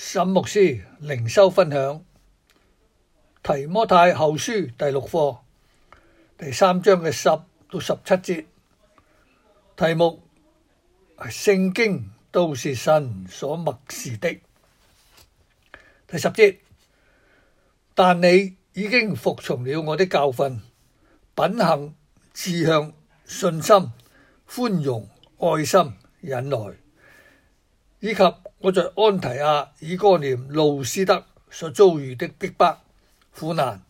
沈牧師靈修分享提摩太後書第六課第三章嘅十到十七節，題目《聖經都是神所默示的》。第十節，但你已經服從了我的教訓，品行、志向、信心、寬容、愛心、忍耐，以及。我在安提阿、以哥念、路斯德所遭遇的逼迫苦難，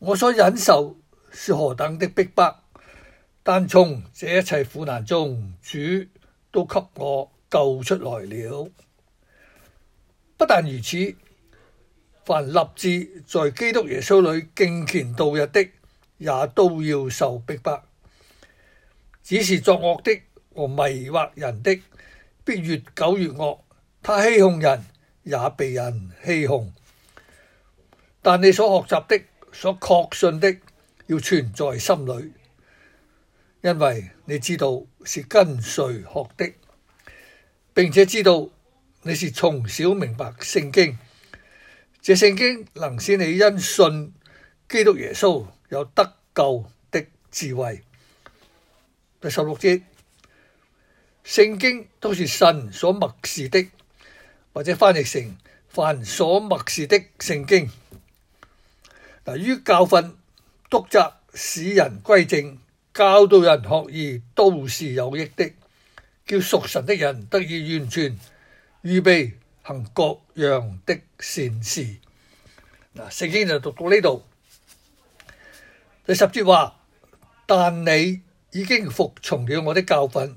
我所忍受是何等的逼迫，但從這一切苦難中，主都給我救出來了。不但如此，凡立志在基督耶穌裏敬虔度日的，也都要受逼迫，只是作惡的和迷惑人的，必越久越惡，他欺哄人，也被人欺哄。但你所學習的、所確信的，要存在心裏，因為你知道是跟誰學的，並且知道你是從小明白聖經。這聖經能使你因信基督耶穌有得救的智慧。第十六節。聖經都是神所默示的，或者翻譯成凡所默示的聖經。嗱，於教訓督責，使人歸正，教導人學義，都是有益的，叫屬神的人得以完全，預備行各樣的善事。嗱，聖經就讀到呢度，第十節話：但你已經服從了我的教訓。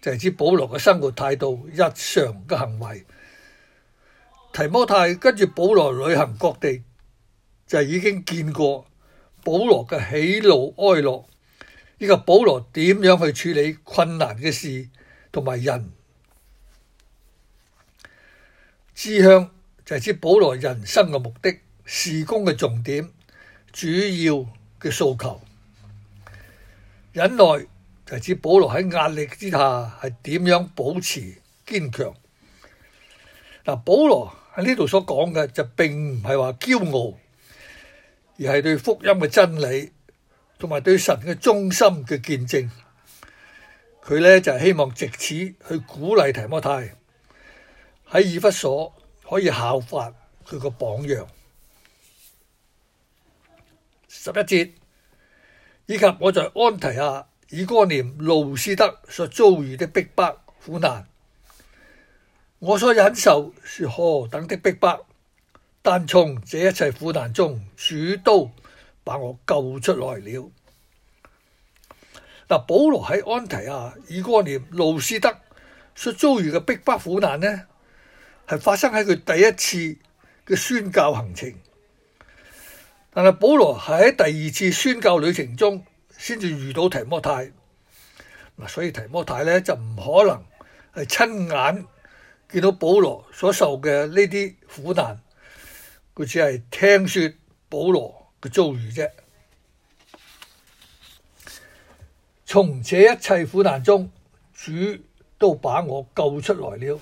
就係指保羅嘅生活態度、日常嘅行為。提摩太跟住保羅旅行各地，就係、已經見過保羅嘅喜怒哀樂。呢、呢個保羅點樣去處理困難嘅事同埋人？志向就係指保羅人生嘅目的、事工嘅重點、主要嘅訴求。忍耐。來自保羅喺壓力之下係點樣保持堅強？嗱，保羅喺呢度所講嘅就並唔係話驕傲，而係對福音嘅真理同埋對神嘅忠心嘅見證。佢呢就係希望藉此去鼓勵提摩太喺以弗所可以效法佢個榜樣。十一節，以及我在安提亞。以哥念路斯德所遭遇的逼迫苦難，我所忍受是何等的逼迫，但從這一切苦難中，主都把我救出來了。嗱，保羅喺安提阿、以哥念、路斯德所遭遇嘅逼迫苦難呢，係發生喺佢第一次嘅宣教行程，但係保羅係喺第二次宣教旅程中。先至遇到提摩太，嗱，所以提摩太呢就唔可能係親眼見到保羅所受嘅呢啲苦難，佢只係聽說保羅嘅遭遇啫。從這一切苦難中，主都把我救出來了。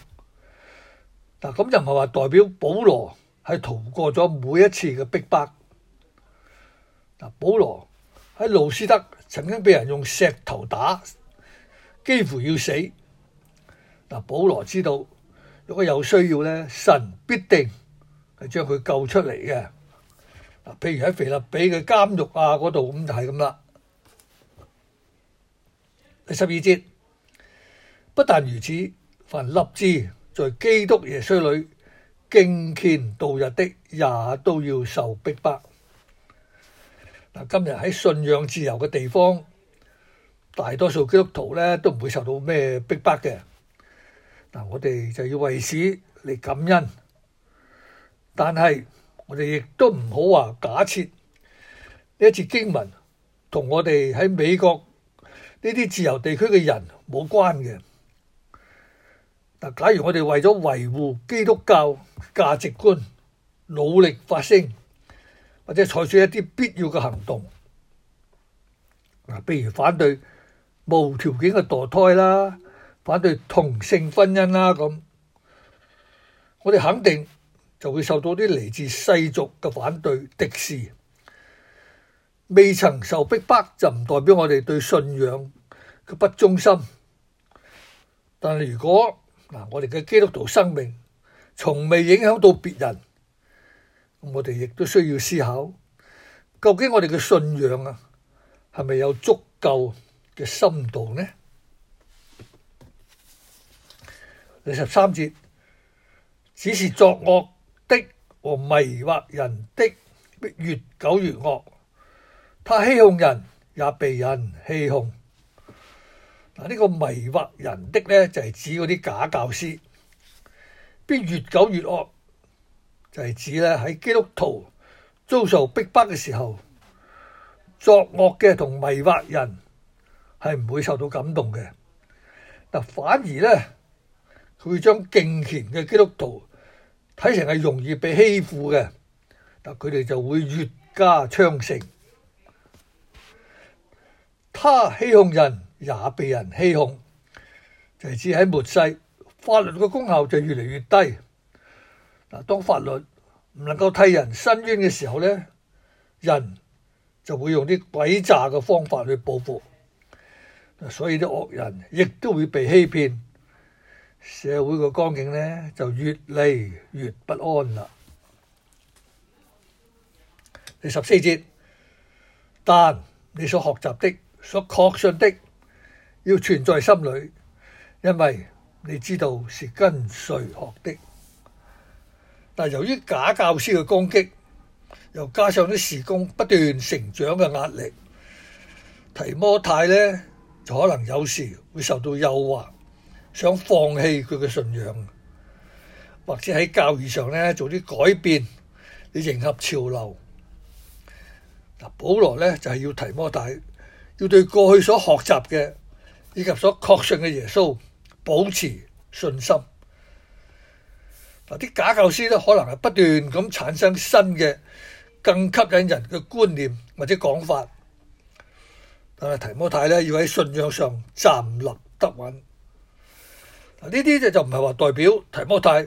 嗱，咁就唔係話代表保羅係逃過咗每一次嘅逼迫。嗱，保羅。喺路斯德曾經俾人用石頭打，幾乎要死。嗱，保羅知道，如果有需要咧，神必定係將佢救出嚟嘅。嗱，譬如喺腓立比嘅監獄啊嗰度咁就係咁啦。第十二節，不但如此，凡立志在基督耶穌裏敬虔度日的，也都要受逼迫。今日喺信仰自由嘅地方，大多數基督徒咧都唔會受到咩逼迫嘅。嗱，我哋就要為此嚟感恩。但係我哋亦都唔好話假設呢一次經文同我哋喺美國呢啲自由地區嘅人冇關嘅。嗱，假如我哋為咗維護基督教價值觀，努力發聲，或者採取一啲必要嘅行動，嗱，譬如反對無條件嘅墮胎啦，反對同性婚姻啦，咁，我哋肯定就會受到啲嚟自世俗嘅反對敵視。未曾受逼迫就唔代表我哋對信仰嘅不忠心，但係如果嗱，我哋嘅基督徒生命從未影響到別人。我哋亦都需要思考，究竟我哋嘅信仰啊，係咪有足夠嘅深度呢？第十三節，只是作惡的和迷惑人的，必越久越惡。他欺哄人，也被人欺哄。嗱，呢個迷惑人的呢，就係指嗰啲假教師，必越久越惡。就係指咧喺基督徒遭受逼迫嘅時候，作惡嘅同迷惑人係唔會受到感動嘅。嗱，反而咧佢會將敬虔嘅基督徒睇成係容易被欺負嘅，但佢哋就會越加猖盛。他欺哄人，也被人欺哄。就係指喺末世，法律嘅功效就越嚟越低。當法律唔能夠替人伸冤嘅時候呢，人就會用啲詭詐嘅方法去報復，所以啲惡人亦都會被欺騙，社會個光景呢就越嚟越不安啦。第十四節，但你所學習的、所確信的，要存在心裏，因為你知道是跟誰學的。但由於假教師嘅攻擊，又加上啲事工不斷成長嘅壓力，提摩太呢就可能有時會受到誘惑，想放棄佢嘅信仰，或者喺教義上呢做啲改變，嚟迎合潮流。嗱，保羅呢就係要提摩太，要對過去所學習嘅以及所確信嘅耶穌保持信心。啲假教師呢可能係不斷咁產生新嘅、更吸引人嘅觀念或者講法，但係提摩太呢要喺信仰上站立得穩。嗱，呢啲就唔係話代表提摩太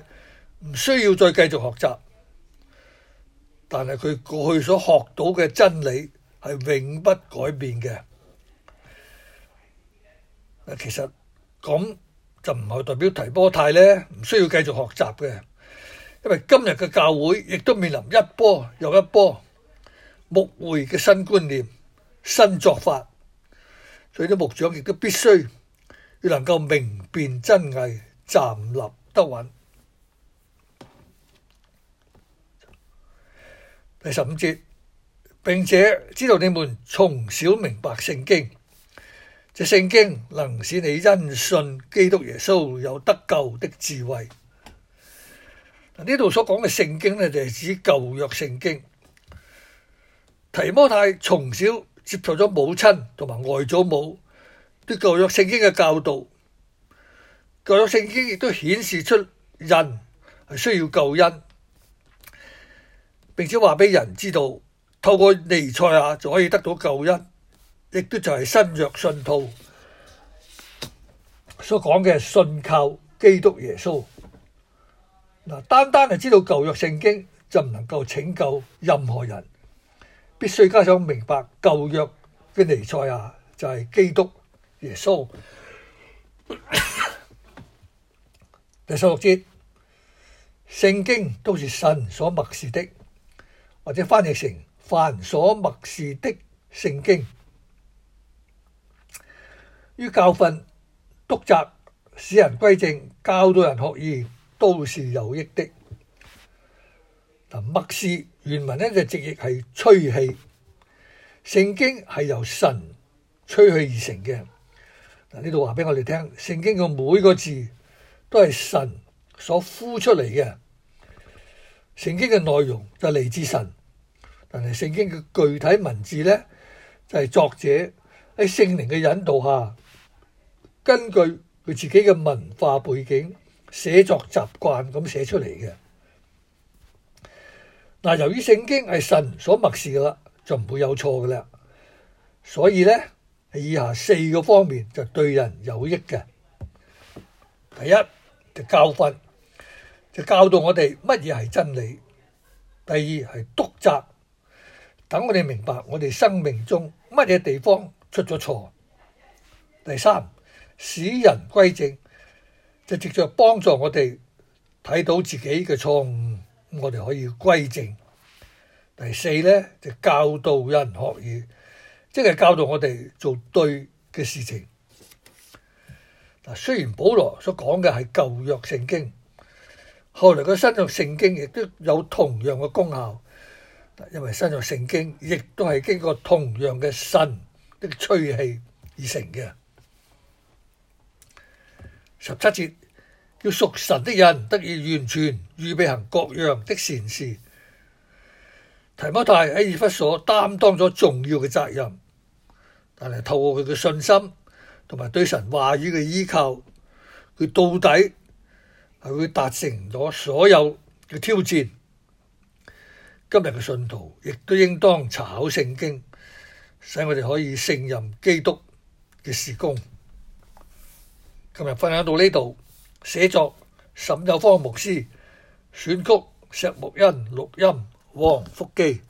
唔需要再繼續學習，但係佢過去所學到嘅真理係永不改變嘅。其實咁就唔係代表提摩太呢唔需要繼續學習嘅。因為今日嘅教會亦都面臨一波又一波牧會嘅新觀念、新作法，所以啲牧長亦都必須要能夠明辨真偽，站立得穩。第十五節，並且知道你們從小明白聖經，這聖經能使你因信基督耶穌有得救的智慧。呢度所講嘅聖經呢，就係指舊約聖經。提摩太從小接受咗母親同埋外祖母啲舊約聖經嘅教導，舊約聖經亦都顯示出人係需要救恩，並且話俾人知道，透過彌賽亞就可以得到救恩，亦都就係新約信徒所講嘅係信靠基督耶穌。單單係知道舊約聖經就唔能夠拯救任何人，必須加上明白舊約嘅尼賽亞，就係基督耶穌。 第十六節，聖經都是神所默示的，或者翻譯成凡所默示的聖經，於教訓、督責、使人歸正、教導人學義。都是有益的。嗱，默示原文呢，就直譯係吹氣，聖經係由神吹氣而成嘅。嗱，呢度話俾我哋聽，聖經嘅每個字都係神所呼出嚟嘅。聖經嘅內容就嚟自神，但係聖經嘅具體文字呢，就係、是、作者喺聖靈嘅引導下，根據佢自己嘅文化背景。寫作習慣咁寫出嚟嘅，嗱，由於聖經係神所默示嘅啦，就唔會有錯嘅啦，所以呢，以下四個方面就對人有益嘅。第一就教訓，就教導我哋乜嘢係真理；第二係督責，等我哋明白我哋生命中乜嘢地方出咗錯；第三使人歸正。就直接幫助我哋睇到自己嘅錯誤，我哋可以歸正。第四呢，就教導人學義，即係教導我哋做對嘅事情。嗱，雖然保羅所講嘅係舊約聖經，後嚟嘅新約聖經亦都有同樣嘅功效。因為新約聖經亦都係經過同樣嘅神的吹氣而成嘅。十七節，叫屬神的人得以完全預備行各樣的善事。提摩太喺以弗所擔當咗重要嘅責任，但係透過佢嘅信心同埋對神話語嘅依靠，佢到底係會達成咗所有嘅挑戰。今日嘅信徒亦都應當查考聖經，使我哋可以勝任基督嘅事工。今日分享到呢度，寫作沈有芳牧師選曲石木恩錄音王福基。